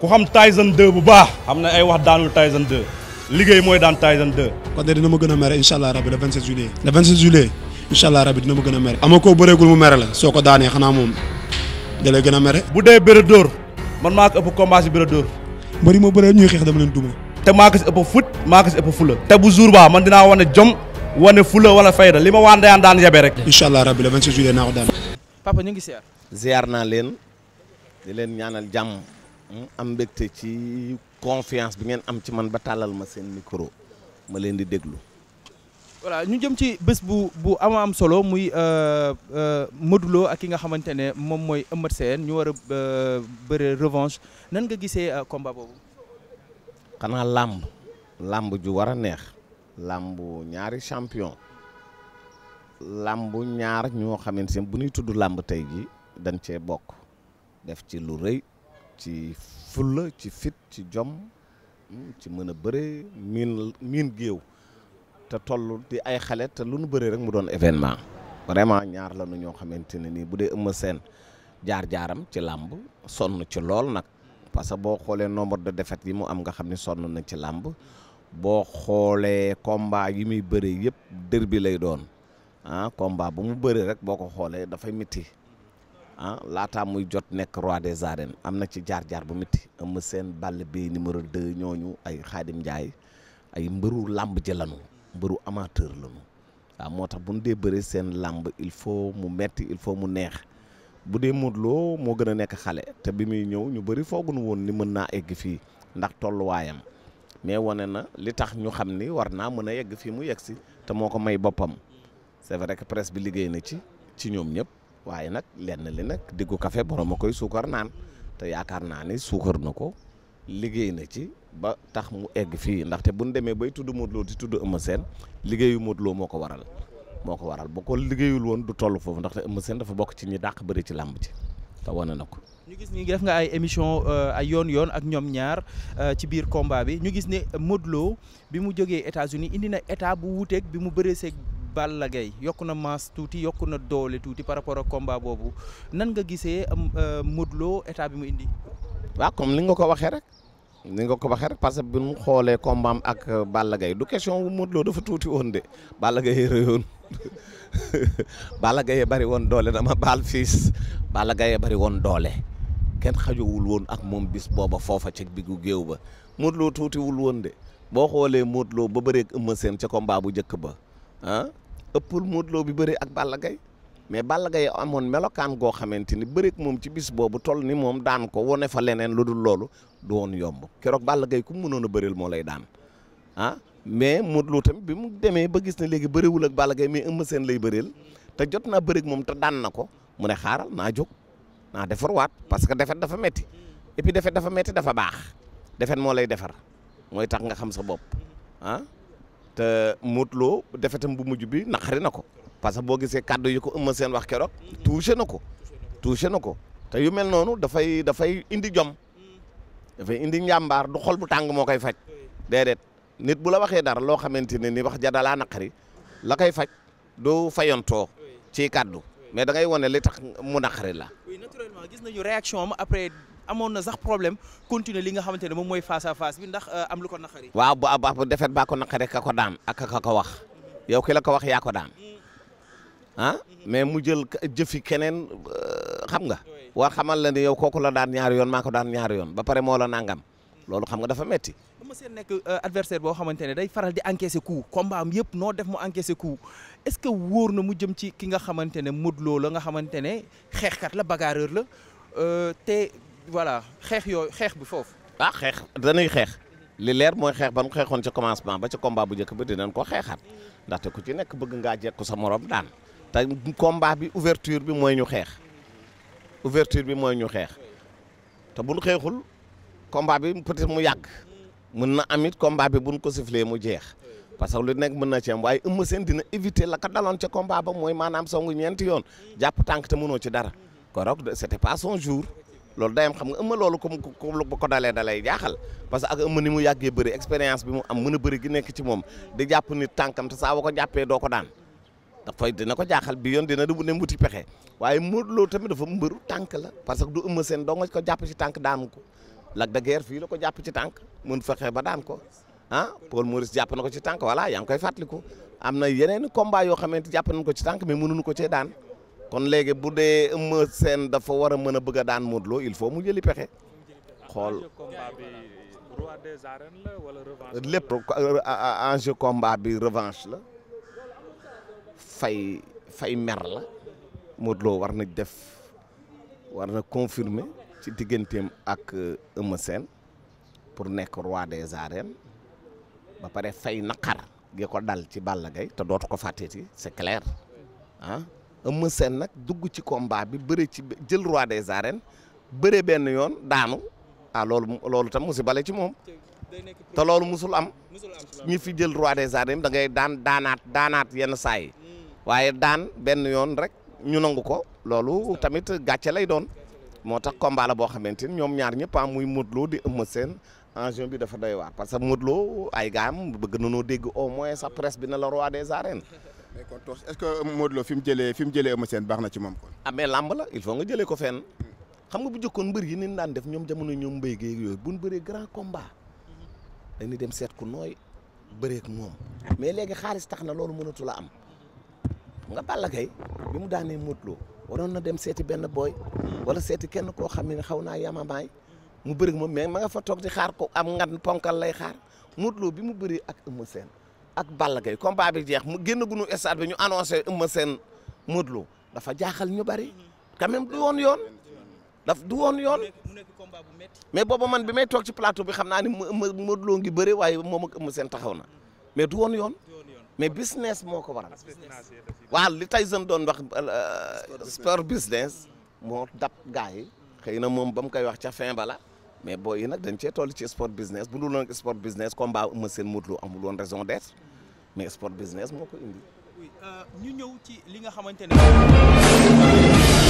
ku xam Tyson 2 bu baax xam na ay wax daanul Tyson 2 liggéey mooy daan Tyson 2 kon de dina ma gën a mere incha allah rabi le 27 juillet le 27 juillet incha allah rabi dina ma gën a mere ama koo bëreegul mu mere la soo ko daanee xanaa moom da lay a mere bu dee bëre dóor man maa ko ëpp combat si bëre dóor mbëri ma bëree ñuy xeex dama leen duma te maa ko si ëpp fut maa ko si ëpp fula te bu jour baa man dinaa wane jom wane fula wala fayda li ma waan dayaan daan rek incha allah rabi le 27 juillet naa ko naa leen di leen ñaanal jàmm am mbégte ci confiance bi ngeen am ci man ba tàllal ma seen micro ma leen di déglu. voilà ñu jëm ci bés bu bu am am solo muy euh, euh, Modou Lo ak ki nga xamante ne moom mooy Eumeu Sène ñu war a euh, bëre revanche nan nga gisee combat boobu. xanaa làmb làmb ju war a neex. làmb ñaari champion. làmb ñaar ñoo xamante ne bu ñuy tudd làmb tey ji dañ cee bokk def ci lu rëy ci fulla ci fit ci jom hmm, ci mën a bëre miin miin géew te toll ti ay xale te lu nu bëree rek mu doon événement vraiment ñaar la nu ñoo xamante ne nii bu dee Eumeu Sène jaar-jaaram ci làmb sonn ci lool nag parce que boo xoolee nombre de defet yi mu am nga xam ni sonn na ci làmb boo xoolee komba yi muy yépp yëpp derby lay doon ah combat bu mu bëri rek boo ko xoolee dafay métti ah laataa muy jot nekk roi des arènes am na ci jaar-jaar bu métti am seen bàll bi numéro 2 ñooñu ay Xaadim Njaay ay mbëru làmb ji mbëru amateur lanu waaw moo tax bu dee bëri seen làmb il faut mu metti il faut mu neex bu dee Modou Lo moo gën a nekk xale te bi muy ñëw ñu bëri fooguñu woon ni mën naa egg fii ndax tolluwaayam mais wane na li tax ñu xam ni war naa mën a yegg fii mu yegg si te moo ko may boppam c'est vrai que presse bi liggéey na ci ci ñoom ñëpp. waaye nag lenn li nag diggu café borom a koy suukar naan te yaakaar naa ni suukar na ko liggéey na ci ba tax mu egg fii ndaxte bu ñu demee bay tudd Modou di tudd Eumeu Sène liggéeyu Modou moo ko waral moo ko waral bu liggéeyul woon du toll foofu ndaxte Eumeu Sène dafa bokk ci ñi dàq bëri ci làmb ci te wane na ko. ñu gis ni def nga ay émission euh, a yoon yoon ak ñoom ñaar euh, ci biir combat bi ñu gis ne Modou bi mu jógee États-Unis indi na état bu wuuteeg bi mu bëree seeg Balla Gaye yokku na masse tuuti yokk na doole tuuti par rapport ak komba boobu nan nga gisee euh, Modou Lo état bi mu indi. waaw comme li nga ko waxee rek. ni nga ko waxee rek parce que bi mu xoolee combat am ak euh, Balla Gaye du question wu dafa tuuti woon de Balla Gaye rëyoon Balla Gaye bari woon doole dama baal fiis Balla Gaye bari woon doole kenn xajowul woon ak moom bis booba foofa ci bigu géew ba Modou Lo tuutiwul woon de boo xoolee Modou Lo ba bëreeg Eumeu seen ca combat bu njëkk ba ah, ëppul Modou Lo bi bëri ak Balla Gaye mais Balla Gaye amoon melokaan goo xamante ni bëri moom ci bis boobu toll ni moom daan ko wone fa leneen lu dul loolu du woon yomb keroog Balla Gaye ku mu mënoon a bëril moo lay daan ah mais Modou Lo tamit bi mu demee ba gis na léegi bëriwul ak Balla Gaye mais Eumeu lay bëril te jot na bëri moom ta daan na ko mu ne xaaral naa jóg naa defarwaat parce que defet dafa metti et puis defet dafa metti dafa baax defet moo lay defar mooy tax nga xam sa bopp ah. te Modou Lo defetam bu mujj bi naqari na ko parce que boo gisee kàddu yu ko Eumeu Sène wax keroog na ko touché na ko te yu mel noonu dafay dafay indi jom dafay indi njàmbaar du xol bu tàng moo koy faj déedéet nit bu la waxee dara loo xamante ne ni wax ja dalaa naqari la koy faj du fayantoo ci kàddu mais da ngay wane li tax mu naqari la. oui naturellement gis nañu réaction am amoon na sax problème continuer li nga xamante ne moom mooy face à face ndax euh, am lu ko naqari. waaw bu ab defet baa ko naqari ka ko daan ak ka ko wax yow ki la ko wax yaa ko daan mm-hmm. ah mm-hmm. mais mu jël jëfi keneen euh, xam nga. war xamal la ni yow kooku la daan ñaari yoon maa ko daan ñaari yoon ba pare moo la nangam mm-hmm. loolu xam nga dafa metti Eumeu Sène nekk euh, adversaire boo xamante ne day faral di encaisser ku combat am yëpp noo def mu encaisser ku est-ce que wóor na mu jëm ci ki nga xamante ne Modou Lo la nga xamante ne xeexkat la bagarreur la voilà xeex yooyu xeex bi foofu. ah xeex dañuy xeex li leer mooy xeex ba mu xeexoon ca commencement ba ca combat bu njëkk ba dinañ ko xeexaat ndaxte ku ci nekk bëgg ngaa jekku sa morom daan te combat bi ouverture bi mooy ñu xeex ouverture bi mooy ñu xeex te buñ xeexul komba bi peut-être mu yàgg mën na amit combat bi buñ ko sifflé mu jeex parce que lu nekk mën na ci am waaye Eumeu Sène dina éviter la daloon ca combat ba mooy maanaam songu ñeenti yoon jàpp tànk te mënoo ci dara ko rok c'était pas son jour loolu dayam xam nga ëmma loolu comme comme ba ko dalee dalay jaaxal parce que ak ëmma ni mu yàggee bëri expérience bi mu am mën a bëri gi nekk ci moom di jàpp nit tànkam te saa wa ko jàppee doo ko daan dafay dina ko jaaxal bi yon dina dem wuti pexe waaye Modou Lo tamit dafa mbëru tànk la parce que du ëmma seen doo nga ko jàpp ci tànk daanu ko Lac de Guiers ko jàpp ci tànk mën fexe ba daan ko ah Paul Maurice jàpp na ko ci tànk voilà yaa ngi koy am na yeneen combat yoo xamante jàpp nañ ko ci tànk mais mënuñu ko cee daan kon léegi bu dee Eumeu Sène dafa war a mën a bëgg a daan Modou il faut mu jëli pexe xool lépp enjeu combat bi revanche la fay fay mer la Modou Lo war na def war na confirmer ci digganteem ak euh, Eumeu Sène pour nekk roi des arènes ba pare fay naqar gee ko dal ci Balla Gaye te dootu ko fàtteeti c'est clair ah Eumeu Sène nag dugg ci combat bi bëre ci jël roi des arènes bëre benn yoon daanu a ah, loolu loolu tam musi bale ci moom te loolu musul am ñi fi jël roi des arènes da ngay daan daanaat daanaat yenn saa yi waaye daan benn yoon rek ñu nangu ko loolu tamit gàcce lay doon moo tax combat la boo xamante ni ñoom ñaar ñëpp am ah, muy Modou Lo di Eumeu Sène enjeu bi dafa doy waar parce que Modou Lo ay gaam bëgg nanoo dégg au moins sa presse bi na la roi des arènes mais kon toos est-ce que fi mu jëlee fi mu jëlee Eumeu baax na ci moom kon. amee ah, mais làmb la il faut nga jëlee ko fenn. xam nga bu jëkkoon mbër yi ni daan def ñoom jamono ñoom mbéy géeg yooyu bu ñu bëree grand combat. dañuy dem seet ku nooy bëreek moom. mais léegi xaalis tax na loolu mënatu la am. nga Balla Gaye bi mu daanee Modou Lo waroon na dem seeti benn booy. wala seeti kenn koo xam ne xaw naa yamamaay. mu bëri moom mais ma nga fa toog di xaar ko am ngan ponkal lay xaar Modou bi mu bëri ak Eumeu ak ballagay Gaye combat jeex mu génn gunu stade bi ñu annoncé Eumeu Sène Modou Lô dafa jaaxal ñu bari quand même du woon yoon daf du woon yoon mais booba man bi may toog ci plateau bi xam naa ni Modou Lô ngi bëre waaye moom ak seen taxaw na mais du woon yoon mais business moo ko waral waaw li Tyson doon wax euh, sport business moo dab gars yi xëy na moom ba mu koy wax ca fin bala mais booy nag dañ cee toll ci sport business bu dul nag sport business combat Eumeu Sène Modou Lô amul woon raison d'être mais sport business moo ko indi. Euh, ñu ñëw ci li nga xamante ne.